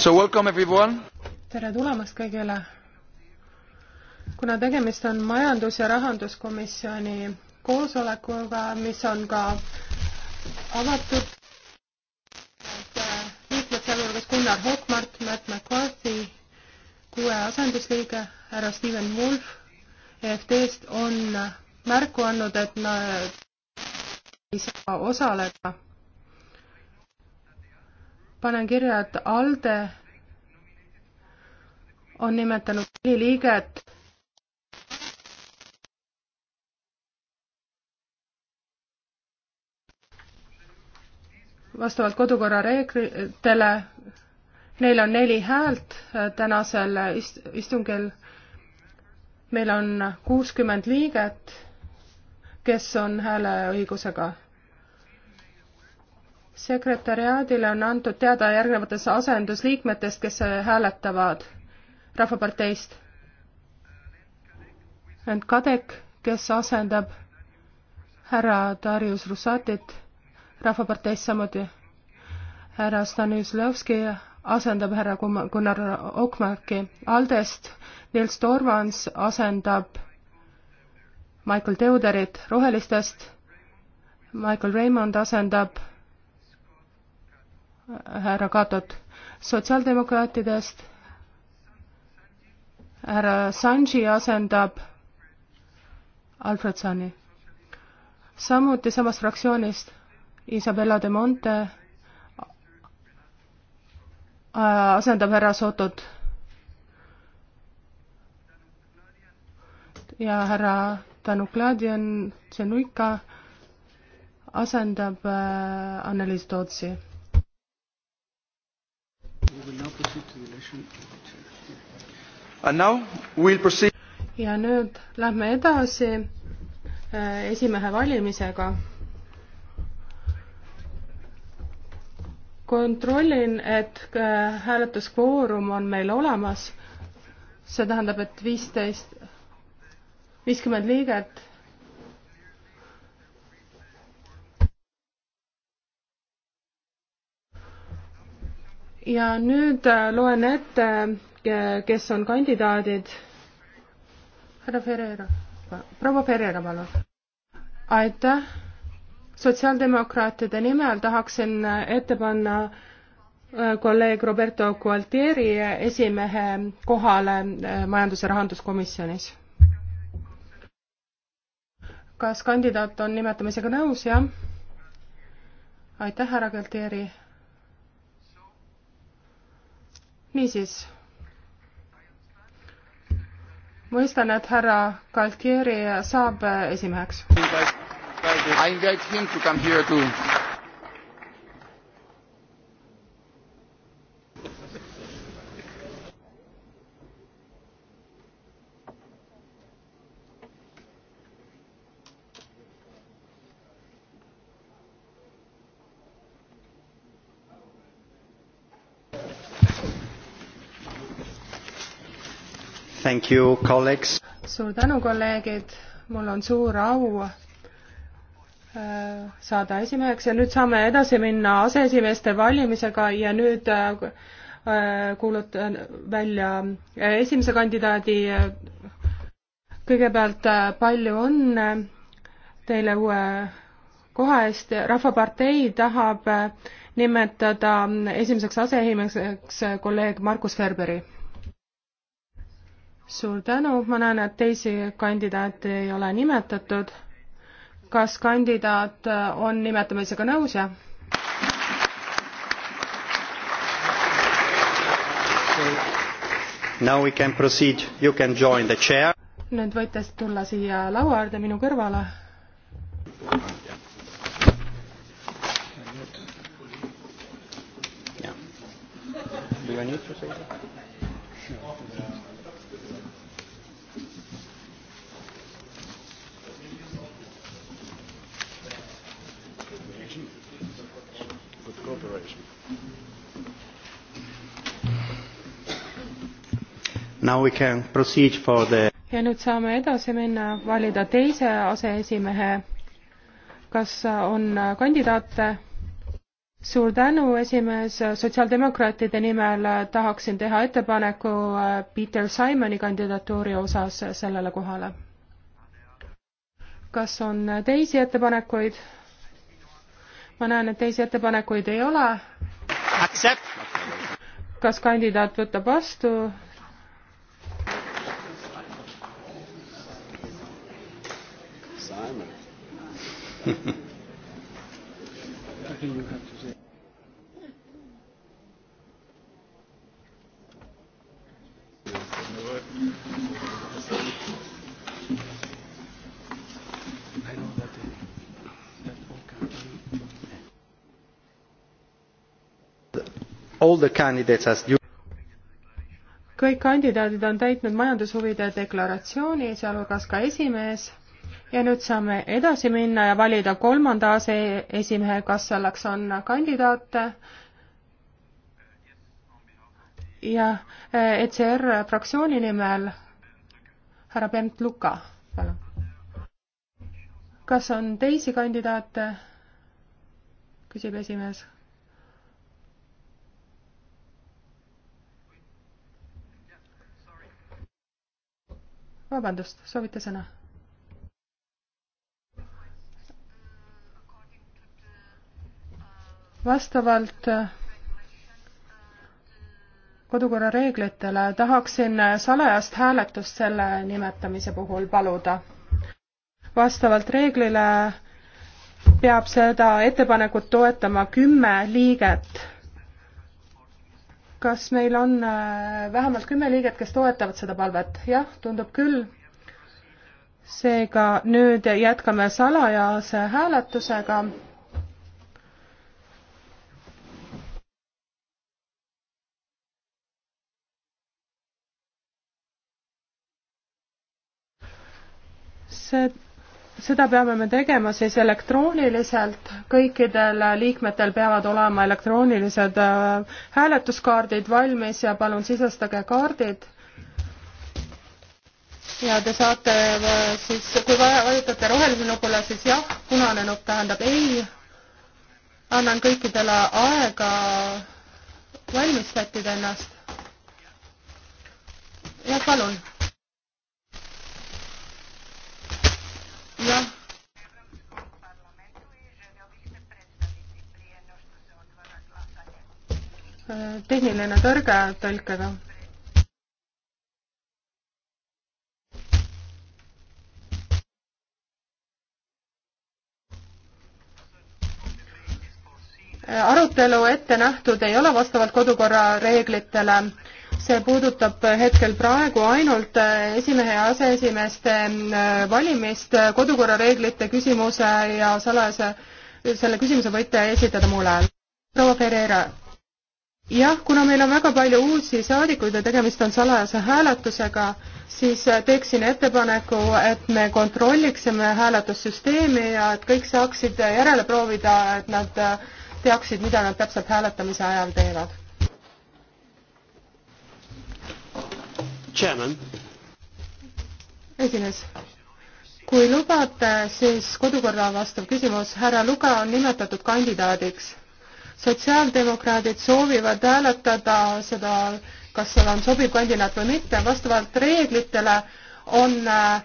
So welcome everyone. tere tulemast kõigile. kuna tegemist on majandus- ja rahanduskomisjoni koosolekuga, mis on ka avatud, liikmed sealhulgas Gunnar Hokmart, Matt McCarthy, kuue asendusliige, härra Steven Wolf EFT-st on märku andnud, et nad ei saa osaleda panen kirja, et ALDE on nimetanud neli liiget vastavalt kodukorra reeglitele. Neil on neli häält äh, tänasel äh, ist istungil. meil on kuuskümmend liiget, kes on hääleõigusega sekretäriaadile on antud teada järgnevatest asendusliikmetest, kes hääletavad Rahvaparteist. ent Kadek, kes asendab härra Darius Russatit Rahvaparteist samuti. härra Stanislavski asendab härra Gunnar Okmaki Aldest, Nils Torvans asendab Michael Teuderit Rohelistest, Michael Raymond asendab härra Katot sotsiaaldemokraatidest. härra Sanji asendab Alfred Sani. samuti samast fraktsioonist Isabella de Monte äh, asendab härra Sotot. ja härra Danukladian Tšenuika asendab äh, Anneliis Tootsi ja nüüd lähme edasi äh, esimehe valimisega. kontrollin, et äh, hääletuskvoorum on meil olemas. see tähendab, et viisteist, viiskümmend liiget ja nüüd äh, loen ette, kes on kandidaadid. härra Ferreira, proua Ferreira, palun. aitäh. sotsiaaldemokraatide nimel tahaksin äh, ette panna äh, kolleeg Roberto Gualtieri esimehe kohale Majandus- ja Rahanduskomisjonis. kas kandidaat on nimetamisega nõus, jah? aitäh, härra Gualtieri niisiis, mõistan, et härra Galtieri saab esimeheks. I invite him to come here too. You, suur tänu, kolleegid, mul on suur au äh, saada esimeheks ja nüüd saame edasi minna aseesimeeste valimisega ja nüüd äh, äh, kuulutan välja esimese kandidaadi. kõigepealt palju õnne teile uue koha eest, Rahvapartei tahab nimetada esimeseks aseesimeheks kolleeg Markus Ferberi suur tänu, ma näen, et teisi kandidaate ei ole nimetatud. kas kandidaat on nimetamisega nõus, jah? Now we can proceed, you can join the chair. nüüd võite tulla siia laua äärde minu kõrvale. Do you need to say that? No. The... ja nüüd saame edasi minna, valida teise aseesimehe. kas on kandidaate? suur tänu, esimees, sotsiaaldemokraatide nimel tahaksin teha ettepaneku Peter Simoni kandidatuuri osas sellele kohale. kas on teisi ettepanekuid? ma näen, et teisi ettepanekuid ei ole. kas kandidaat võtab vastu I think you have to say. I know that, uh, that all, can... all the candidates as you kõik kandidaadid on täitnud majandushuvide deklaratsiooni, sealhulgas ka esimees ja nüüd saame edasi minna ja valida kolmanda aseesimehe, kas selleks on kandidaate. ja ECR eh, e fraktsiooni nimel härra Bent Luka, palun. kas on teisi kandidaate? küsib esimees vabandust, soovite sõna? vastavalt äh, kodukorra reeglitele tahaksin äh, salajast hääletust selle nimetamise puhul paluda. vastavalt reeglile peab seda ettepanekut toetama kümme liiget. kas meil on äh, vähemalt kümme liiget, kes toetavad seda palvet? jah, tundub küll. seega nüüd jätkame salajase hääletusega see, seda peame me tegema siis elektrooniliselt, kõikidel liikmetel peavad olema elektroonilised äh, hääletuskaardid valmis ja palun sisestage kaardid. ja te saate äh, siis, kui vaja, vajutate rohelise nupule, siis jah, punane nupp tähendab ei. annan kõikidele aega valmis sättida ennast. jah, palun Ja äh, tehniline tõrge tõlkega. Äh, arutelu ette nähtud ei ole vastavalt kodukorra reeglitele see puudutab hetkel praegu ainult äh, esimehe ja aseesimeeste äh, valimist, äh, kodukorrareeglite küsimuse ja salajase, selle küsimuse võite esitada mulle. proua Pereira. jah, kuna meil on väga palju uusi saadikuid ja tegemist on salajase hääletusega, siis teeksin ettepaneku, et me kontrolliksime hääletussüsteemi ja et kõik saaksid järele proovida, et nad teaksid, mida nad täpselt hääletamise ajal teevad esimees, kui lubate, siis kodukorra vastav küsimus, härra Luga on nimetatud kandidaadiks. sotsiaaldemokraadid soovivad hääletada seda, kas seal on sobiv kandidaat või mitte, vastavalt reeglitele on äh,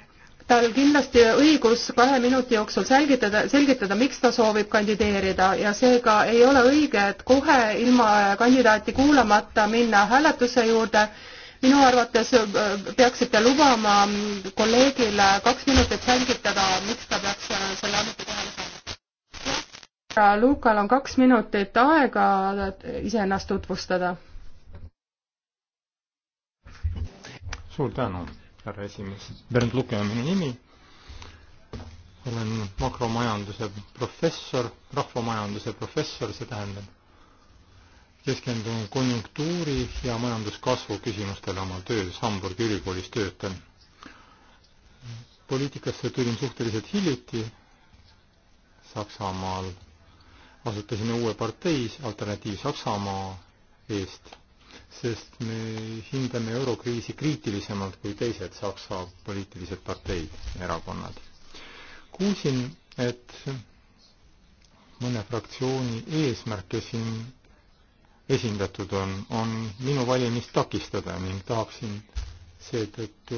tal kindlasti õigus kahe minuti jooksul selgitada, selgitada, miks ta soovib kandideerida ja seega ei ole õige, et kohe ilma kandidaati kuulamata minna hääletuse juurde minu arvates äh, peaksite lubama kolleegile kaks minutit selgitada, miks ta peaks äh, selle ametikohale saama. härra Lukal on kaks minutit aega iseennast tutvustada. suur tänu, härra esimees. Bernd Luke on minu nimi olen makromajanduse professor, rahvamajanduse professor, see tähendab, keskendun konjunktuuri ja majanduskasvu küsimustele oma töös Hamburgi ülikoolis töötan. poliitikasse tulin suhteliselt hiljuti, Saksamaal asutasime uue partei Alternatiiv Saksamaa eest, sest me hindame eurokriisi kriitilisemalt kui teised Saksa poliitilised parteid ja erakonnad. kuulsin, et mõne fraktsiooni eesmärke siin esindatud on, on minu valimist takistada ning tahaksin seetõttu,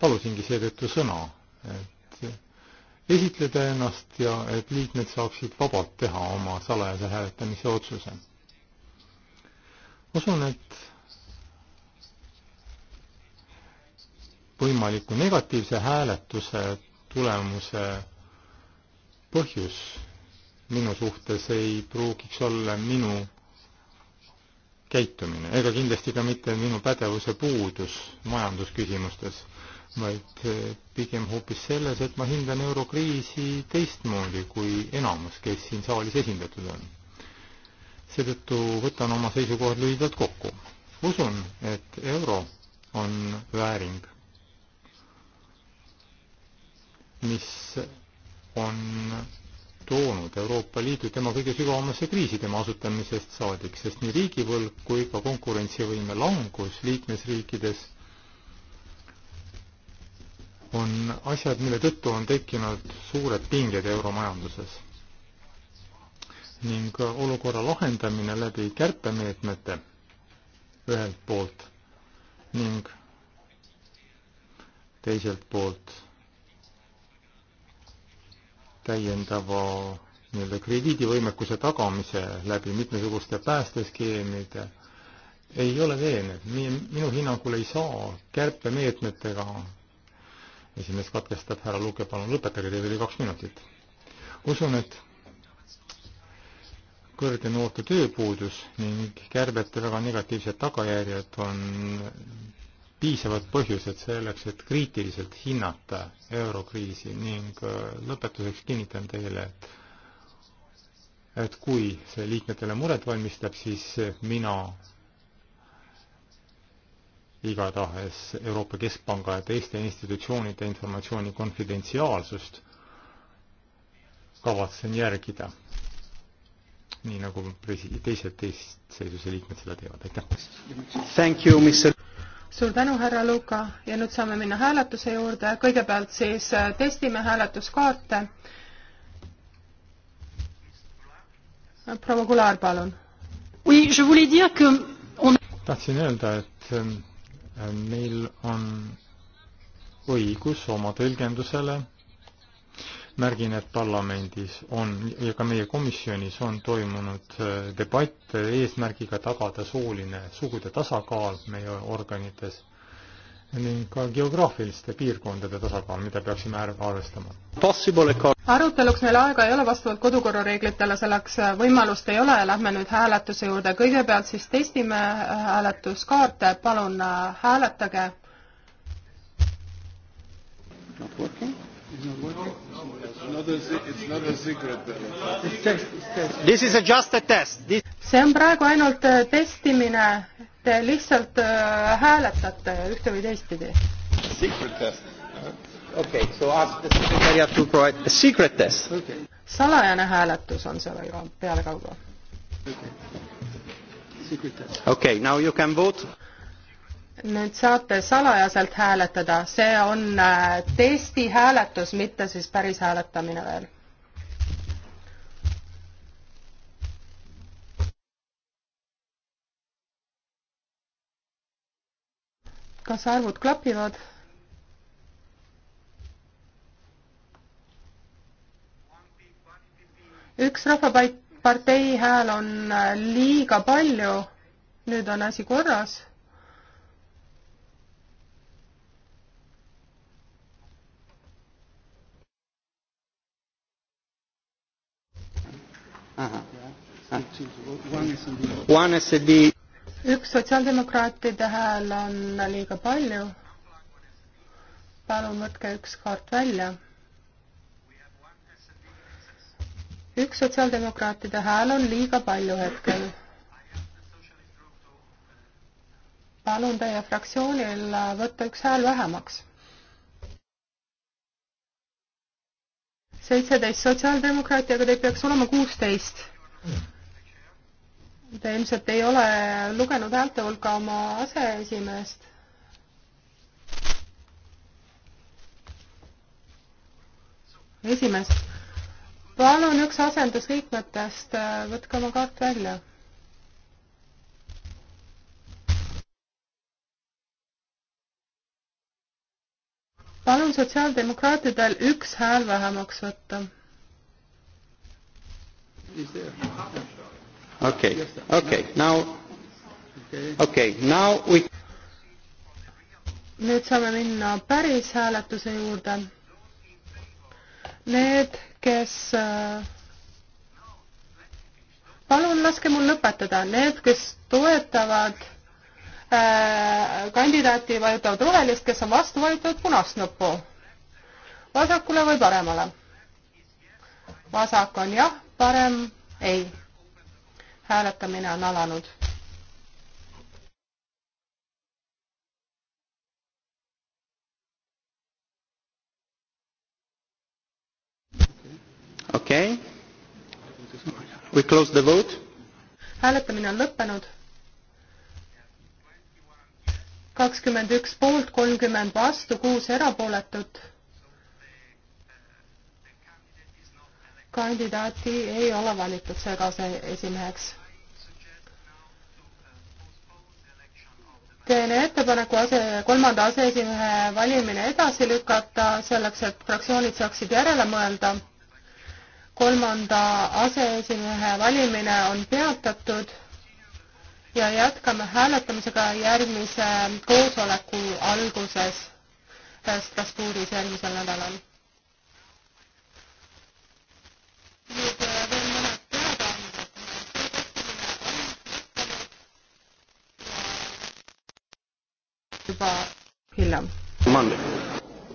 palusingi seetõttu sõna, et esitleda ennast ja et liikmed saaksid vabalt teha oma salajase hääletamise otsuse. usun, et võimaliku negatiivse hääletuse tulemuse põhjus minu suhtes ei pruugiks olla minu käitumine ega kindlasti ka mitte minu pädevuse puudus majandusküsimustes, vaid eh, pigem hoopis selles, et ma hindan eurokriisi teistmoodi kui enamus, kes siin saalis esindatud on. seetõttu võtan oma seisukohad lühidalt kokku. usun, et euro on vääring, mis on toonud Euroopa Liidu tema kõige sügavamasse kriisi tema asutamisest saadik, sest nii riigivõlg kui ka konkurentsivõime langus liikmesriikides on asjad, mille tõttu on tekkinud suured pinged euromajanduses. ning olukorra lahendamine läbi kärpemeetmete ühelt poolt ning teiselt poolt täiendava nii-öelda krediidivõimekuse tagamise läbi mitmesuguste päästeskeemide ei ole veenev. minu hinnangul ei saa kärpemeetmetega, esimees katkestab, härra Luke, palun lõpetage, teil oli kaks minutit. usun, et kõrge noorte tööpuudus ning kärbete väga negatiivsed tagajärjed on piisavad põhjused selleks, et kriitiliselt hinnata eurokriisi ning äh, lõpetuseks kinnitan teile, et et kui see liikmetele muret valmistab, siis mina igatahes Euroopa Keskpanga ja teiste institutsioonide informatsiooni konfidentsiaalsust kavatsen järgida. nii nagu presi-, teised teistseisuse liikmed seda teevad, aitäh! suur tänu, härra Luka ja nüüd saame minna hääletuse juurde. kõigepealt siis äh, testime hääletuskaarte. proua Kular, palun. tahtsin öelda, et ähm, meil on õigus oma tõlgendusele märgin, et parlamendis on ja ka meie komisjonis on toimunud äh, debatt eesmärgiga tagada sooline sugude tasakaal meie organites ning ka geograafiliste piirkondade tasakaal, mida peaksime arvestama. aruteluks meil aega ei ole, vastavalt kodukorra reeglitele selleks äh, võimalust ei ole, lähme nüüd hääletuse juurde. kõigepealt siis testime äh, hääletuskaarte, palun hääletage. Not working? Is not working? see on praegu ainult äh, testimine, te lihtsalt äh, hääletate ühte või teistpidi. Okay, so ask the secretariat to provide a secret test okay.. salajane hääletus on selle pealekauba okay.. Okay, now you can vote nüüd saate salajaselt hääletada, see on äh, testihääletus, mitte siis päris hääletamine veel. kas arvud klapivad? üks rahvapartei hääl on äh, liiga palju, nüüd on asi korras üks sotsiaaldemokraatide hääl on liiga palju. palun võtke üks kaart välja. üks sotsiaaldemokraatide hääl on liiga palju hetkel. palun teie fraktsioonil võtta üks hääl vähemaks seitseteist sotsiaaldemokraatiaga, teid peaks olema kuusteist. Te ilmselt ei ole lugenud häälte hulka oma aseesimeest. esimees, palun üks asendusliikmetest, võtke oma kaart välja palun sotsiaaldemokraatidel üks hääl vähemaks võtta. okei, okei, now, okei okay,, now we nüüd saame minna päris hääletuse juurde. Need, kes äh, palun laske mul lõpetada, need, kes toetavad Äh, kandidaati, vajutavad rohelist, kes on vastu, vajutavad punast nuppu. vasakule või paremale? vasak on jah, parem ei. hääletamine on alanud Okay. We close the vote. hääletamine on lõppenud kakskümmend üks poolt, kolmkümmend vastu, kuus erapooletut. kandidaati ei ole valitud seega aseesimeheks. teen ettepaneku ase, kolmanda aseesimehe valimine edasi lükata, selleks et fraktsioonid saaksid järele mõelda. kolmanda aseesimehe valimine on peatatud ja jätkame hääletamisega järgmise koosoleku alguses äh, Strasbourgis järgmisel nädalal. nüüd äh, veel mõned teadaanded. juba hiljem. Monday.